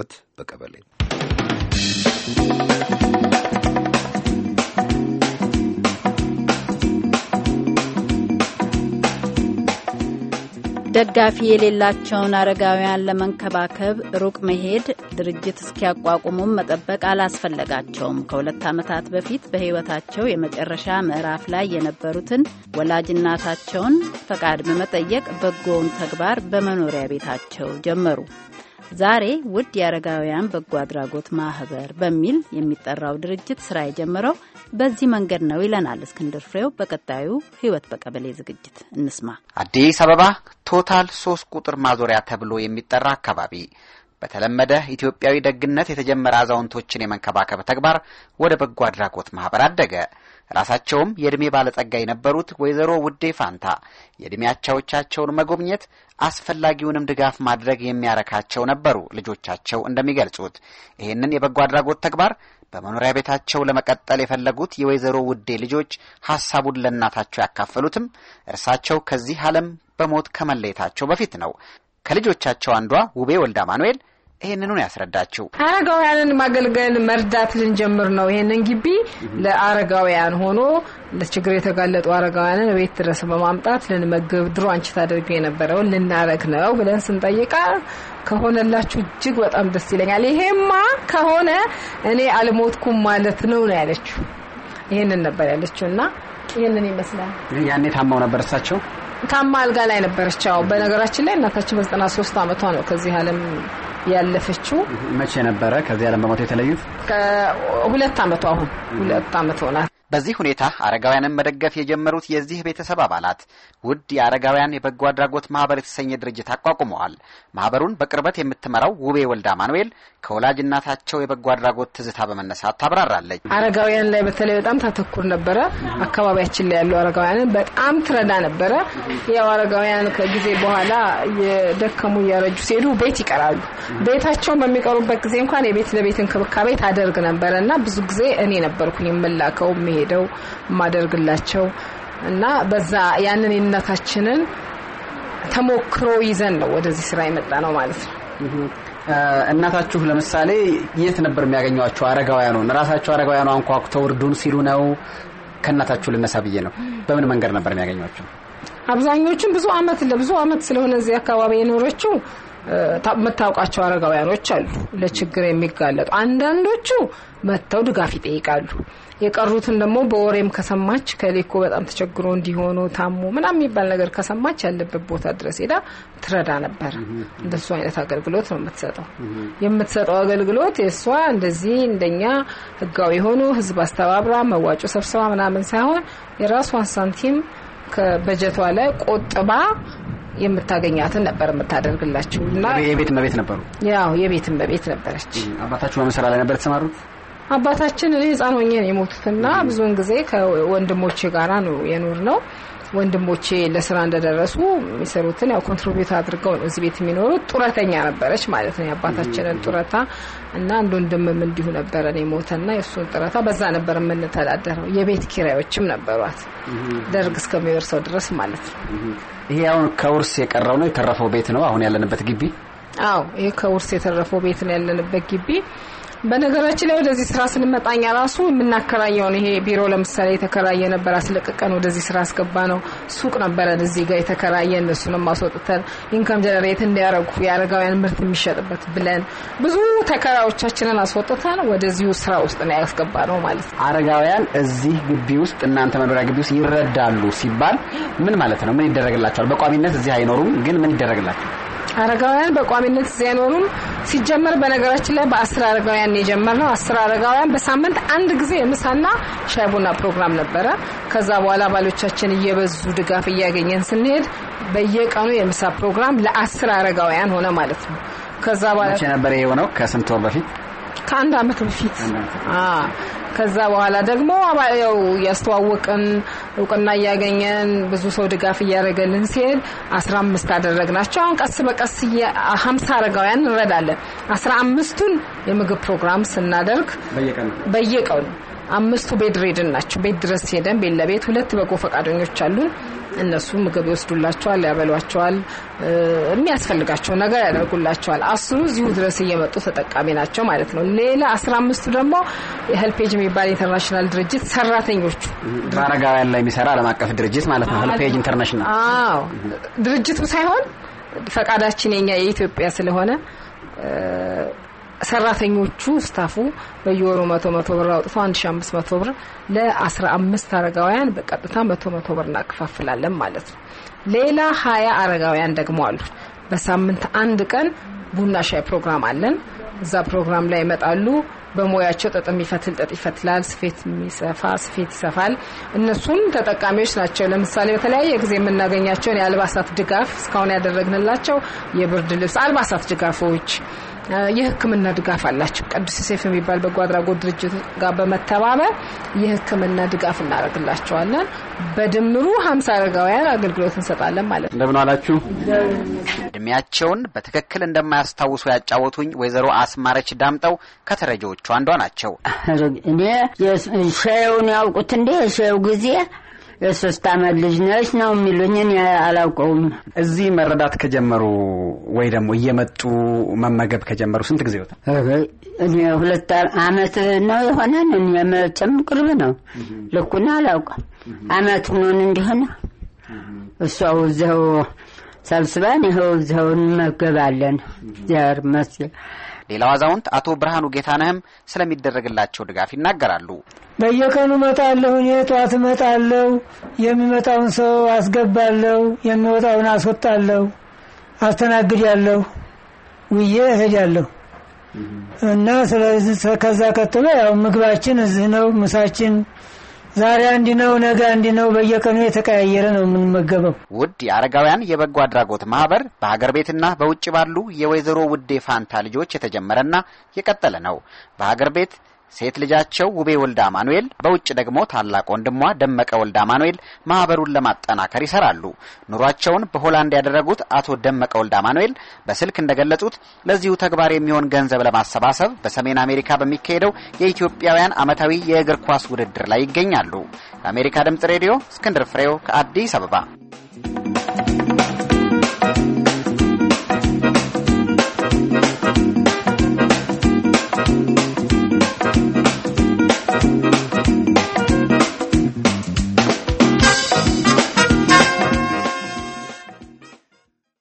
ሕይወት በቀበሌ ደጋፊ የሌላቸውን አረጋውያን ለመንከባከብ ሩቅ መሄድ ድርጅት እስኪያቋቁሙም መጠበቅ አላስፈለጋቸውም። ከሁለት ዓመታት በፊት በሕይወታቸው የመጨረሻ ምዕራፍ ላይ የነበሩትን ወላጅናታቸውን ፈቃድ በመጠየቅ በጎውን ተግባር በመኖሪያ ቤታቸው ጀመሩ። ዛሬ ውድ የአረጋውያን በጎ አድራጎት ማህበር በሚል የሚጠራው ድርጅት ስራ የጀመረው በዚህ መንገድ ነው ይለናል እስክንድር ፍሬው። በቀጣዩ ህይወት በቀበሌ ዝግጅት እንስማ። አዲስ አበባ ቶታል ሶስት ቁጥር ማዞሪያ ተብሎ የሚጠራ አካባቢ በተለመደ ኢትዮጵያዊ ደግነት የተጀመረ አዛውንቶችን የመንከባከብ ተግባር ወደ በጎ አድራጎት ማህበር አደገ። ራሳቸውም የእድሜ ባለጸጋ የነበሩት ወይዘሮ ውዴ ፋንታ የእድሜያቻዎቻቸውን አቻዎቻቸውን መጎብኘት አስፈላጊውንም ድጋፍ ማድረግ የሚያረካቸው ነበሩ ልጆቻቸው እንደሚገልጹት። ይህንን የበጎ አድራጎት ተግባር በመኖሪያ ቤታቸው ለመቀጠል የፈለጉት የወይዘሮ ውዴ ልጆች ሀሳቡን ለእናታቸው ያካፈሉትም እርሳቸው ከዚህ ዓለም በሞት ከመለየታቸው በፊት ነው። ከልጆቻቸው አንዷ ውቤ ወልዳ ማኑኤል ይህንኑ ነው ያስረዳችው። አረጋውያንን ማገልገል መርዳት ልንጀምር ነው። ይህንን ግቢ ለአረጋውያን ሆኖ ለችግር የተጋለጡ አረጋውያንን ቤት ድረስ በማምጣት ልንመግብ፣ ድሮ አንቺ ታደርገው የነበረውን ልናረግ ነው ብለን ስንጠይቃ ከሆነላችሁ እጅግ በጣም ደስ ይለኛል። ይሄማ ከሆነ እኔ አልሞትኩም ማለት ነው ነው ያለችው። ይህንን ነበር ያለችው እና ይህንን ይመስላል። ያኔ ታማው ነበር እሳቸው ታማ አልጋ ላይ ነበረች። በነገራችን ላይ እናታችን በ93 አመቷ ነው ከዚህ ዓለም ያለፈችው መቼ ነበረ? ከዚህ ዓለም በሞት የተለዩት ከሁለት አመቱ አሁን ሁለት አመት ሆናት። በዚህ ሁኔታ አረጋውያንን መደገፍ የጀመሩት የዚህ ቤተሰብ አባላት ውድ የአረጋውያን የበጎ አድራጎት ማህበር የተሰኘ ድርጅት አቋቁመዋል። ማህበሩን በቅርበት የምትመራው ውቤ ወልዳ ማኑኤል ከወላጅ እናታቸው የበጎ አድራጎት ትዝታ በመነሳት ታብራራለች። አረጋውያን ላይ በተለይ በጣም ታተኩር ነበረ። አካባቢያችን ላይ ያለው አረጋውያንን በጣም ትረዳ ነበረ። ያው አረጋውያን ከጊዜ በኋላ የደከሙ እያረጁ ሲሄዱ ቤት ይቀራሉ። ቤታቸውን በሚቀሩበት ጊዜ እንኳን የቤት ለቤት እንክብካቤ ታደርግ ነበረ እና ብዙ ጊዜ እኔ ነበርኩኝ የምላከው ሄደው ማደርግላቸው እና በዛ ያንን የነታችንን ተሞክሮ ይዘን ነው ወደዚህ ስራ የመጣ ነው ማለት ነው። እናታችሁ ለምሳሌ የት ነበር የሚያገኟቸው አረጋውያኑን? ራሳቸው አረጋውያኑ አንኳኩተው እርዱን ሲሉ ነው። ከእናታችሁ ልነሳ ብዬ ነው። በምን መንገድ ነበር የሚያገኛቸው? አብዛኞቹን ብዙ አመት ለብዙ አመት ስለሆነ እዚህ አካባቢ የኖረችው የምታውቃቸው አረጋውያኖች አሉ፣ ለችግር የሚጋለጡ አንዳንዶቹ መጥተው ድጋፍ ይጠይቃሉ። የቀሩትን ደግሞ በወሬም ከሰማች ከሌኮ በጣም ተቸግሮ እንዲሆኑ ታሞ ምናም የሚባል ነገር ከሰማች ያለበት ቦታ ድረስ ሄዳ ትረዳ ነበር። እንደሱ አይነት አገልግሎት ነው የምትሰጠው። የምትሰጠው አገልግሎት የእሷ እንደዚህ እንደኛ ህጋዊ የሆኑ ህዝብ አስተባብራ መዋጮ ሰብስባ ምናምን ሳይሆን የራሷን ሳንቲም ከበጀቷ ላይ ቆጥባ የምታገኛትን ነበር የምታደርግላችሁ እና የቤት እመቤት ነበሩ። ያው የቤት እመቤት ነበረች። አባታችሁ በምን ስራ ላይ ነበር የተሰማሩት? አባታችን እኔ ህፃን ሆኜ ነው የሞቱትና ብዙውን ጊዜ ከወንድሞቼ ጋራ ነው የኖር ነው ወንድሞቼ ለስራ እንደደረሱ የሚሰሩትን ያው ኮንትሪቢዩት አድርገው ነው እዚህ ቤት የሚኖሩት። ጡረተኛ ነበረች ማለት ነው የአባታችንን ጡረታ እና አንድ ወንድምም እንዲሁ ነበረ የሞተና የእሱን ጡረታ በዛ ነበር የምንተዳደረው። የቤት ኪራዮችም ነበሯት ደርግ እስከሚወርሰው ድረስ ማለት ነው። ይሄ አሁን ከውርስ የቀረው ነው የተረፈው ቤት ነው አሁን ያለንበት ግቢ። አዎ ይህ ከውርስ የተረፈው ቤት ነው ያለንበት ግቢ በነገራችን ላይ ወደዚህ ስራ ስንመጣኛ ራሱ የምናከራየውን ይሄ ቢሮ ለምሳሌ የተከራየ ነበር አስለቅቀን ወደዚህ ስራ አስገባ ነው። ሱቅ ነበረን እዚህ ጋር የተከራየ እነሱንም አስወጥተን ኢንካም ጀነሬት እንዲያደረጉ የአረጋውያን ምርት የሚሸጥበት ብለን ብዙ ተከራዮቻችንን አስወጥተን ወደዚሁ ስራ ውስጥ ነው ያስገባ ነው ማለት ነው። አረጋውያን እዚህ ግቢ ውስጥ እናንተ መኖሪያ ግቢ ውስጥ ይረዳሉ ሲባል ምን ማለት ነው? ምን ይደረግላቸዋል? በቋሚነት እዚህ አይኖሩም፣ ግን ምን ይደረግላቸዋል? አረጋውያን በቋሚነት እዚህ አይኖሩም። ሲጀመር በነገራችን ላይ በአስር አረጋውያን የጀመርነው አስር አረጋውያን በሳምንት አንድ ጊዜ የምሳና ሻይ ቡና ፕሮግራም ነበረ። ከዛ በኋላ ባሎቻችን እየበዙ ድጋፍ እያገኘን ስንሄድ በየቀኑ የምሳ ፕሮግራም ለአስር አረጋውያን ሆነ ማለት ነው። ከዛ በኋላ ነበር የሆነው ከስንት ወር በፊት ከአንድ አመት በፊት ከዛ በኋላ ደግሞ ያው እውቅና እያገኘን ብዙ ሰው ድጋፍ እያደረገልን ሲሄድ አስራ አምስት ናቸው። አሁን ቀስ በቀስ ሀምሳ አረጋውያን እንረዳለን። አስራ አምስቱን የምግብ ፕሮግራም ስናደርግ በየቀኑ አምስቱ ቤድሬድን ናቸው። ቤት ድረስ ሄደን ቤት ለቤት ሁለት በጎ ፈቃደኞች አሉን። እነሱ ምግብ ይወስዱላቸዋል፣ ያበሏቸዋል፣ የሚያስፈልጋቸው ነገር ያደርጉላቸዋል። አስሩ እዚሁ ድረስ እየመጡ ተጠቃሚ ናቸው ማለት ነው። ሌላ አስራ አምስቱ ደግሞ ሄልፔጅ የሚባል ኢንተርናሽናል ድርጅት ሰራተኞቹ በአረጋውያን ላይ የሚሰራ ዓለም አቀፍ ድርጅት ማለት ነው። ሄልፔጅ ኢንተርናሽናል ድርጅቱ ሳይሆን ፈቃዳችን የኛ የኢትዮጵያ ስለሆነ ሰራተኞቹ ስታፉ በየወሩ መቶ መቶ ብር አውጥቶ አንድ ሺ አምስት መቶ ብር ለአስራ አምስት አረጋውያን በቀጥታ መቶ መቶ ብር እናከፋፍላለን ማለት ነው። ሌላ ሀያ አረጋውያን ደግሞ አሉ። በሳምንት አንድ ቀን ቡና ሻይ ፕሮግራም አለን። እዛ ፕሮግራም ላይ ይመጣሉ። በሙያቸው ጥጥ የሚፈትል ጥጥ ይፈትላል፣ ስፌት የሚሰፋ ስፌት ይሰፋል። እነሱም ተጠቃሚዎች ናቸው። ለምሳሌ በተለያየ ጊዜ የምናገኛቸውን የአልባሳት ድጋፍ እስካሁን ያደረግንላቸው የብርድ ልብስ፣ አልባሳት ድጋፎች የህክምና ድጋፍ አላቸው። ቅዱስ ሴፍ የሚባል በጎ አድራጎት ድርጅት ጋር በመተባበር የህክምና ድጋፍ እናደርግላቸዋለን። በድምሩ ሀምሳ አረጋውያን አገልግሎት እንሰጣለን ማለት ነው። እንደምን አላችሁ። እድሜያቸውን በትክክል እንደማያስታውሱ ያጫወቱኝ ወይዘሮ አስማረች ዳምጠው ከተረጂዎቹ አንዷ ናቸው። እኔ ሸው ያውቁት እንዴ የሸው ጊዜ የሶስት አመት ልጅ ነች ነው የሚሉኝ። እኔ አላውቀውም። እዚህ መረዳት ከጀመሩ ወይ ደግሞ እየመጡ መመገብ ከጀመሩ ስንት ጊዜ ወጣ? እኔ ሁለት አመት ነው የሆነን። እኔ መቼም ቅርብ ነው፣ ልኩን አላውቅም። አመት ሆኖን እንዲሆነ እሷው እዚያው ሰብስበን ይኸው እዚያው እንመገባለን። ዚር ሌላው አዛውንት አቶ ብርሃኑ ጌታነህም ስለሚደረግላቸው ድጋፍ ይናገራሉ። በየቀኑ እመጣለሁ፣ እኔ ጠዋት እመጣለሁ። የሚመጣውን ሰው አስገባለሁ፣ የሚወጣውን አስወጣለሁ፣ ያለሁ ውዬ እሄዳለሁ እና ስለዚህ ከዛ ቀጥሎ ያው ምግባችን እዚህ ነው፣ ምሳችን ዛሬ አንድ ነው፣ ነገ አንድ ነው። በየቀኑ የተቀያየረ ነው የምንመገበው። ውድ የአረጋውያን የበጎ አድራጎት ማህበር በሀገር ቤትና በውጭ ባሉ የወይዘሮ ውዴ ፋንታ ልጆች የተጀመረና የቀጠለ ነው። በሀገር ቤት ሴት ልጃቸው ውቤ ወልዳ ማኑኤል፣ በውጭ ደግሞ ታላቅ ወንድሟ ደመቀ ወልዳ ማኑኤል ማህበሩን ለማጠናከር ይሰራሉ። ኑሯቸውን በሆላንድ ያደረጉት አቶ ደመቀ ወልዳ ማኑኤል በስልክ እንደገለጹት ለዚሁ ተግባር የሚሆን ገንዘብ ለማሰባሰብ በሰሜን አሜሪካ በሚካሄደው የኢትዮጵያውያን ዓመታዊ የእግር ኳስ ውድድር ላይ ይገኛሉ። ለአሜሪካ ድምጽ ሬዲዮ እስክንድር ፍሬው ከአዲስ አበባ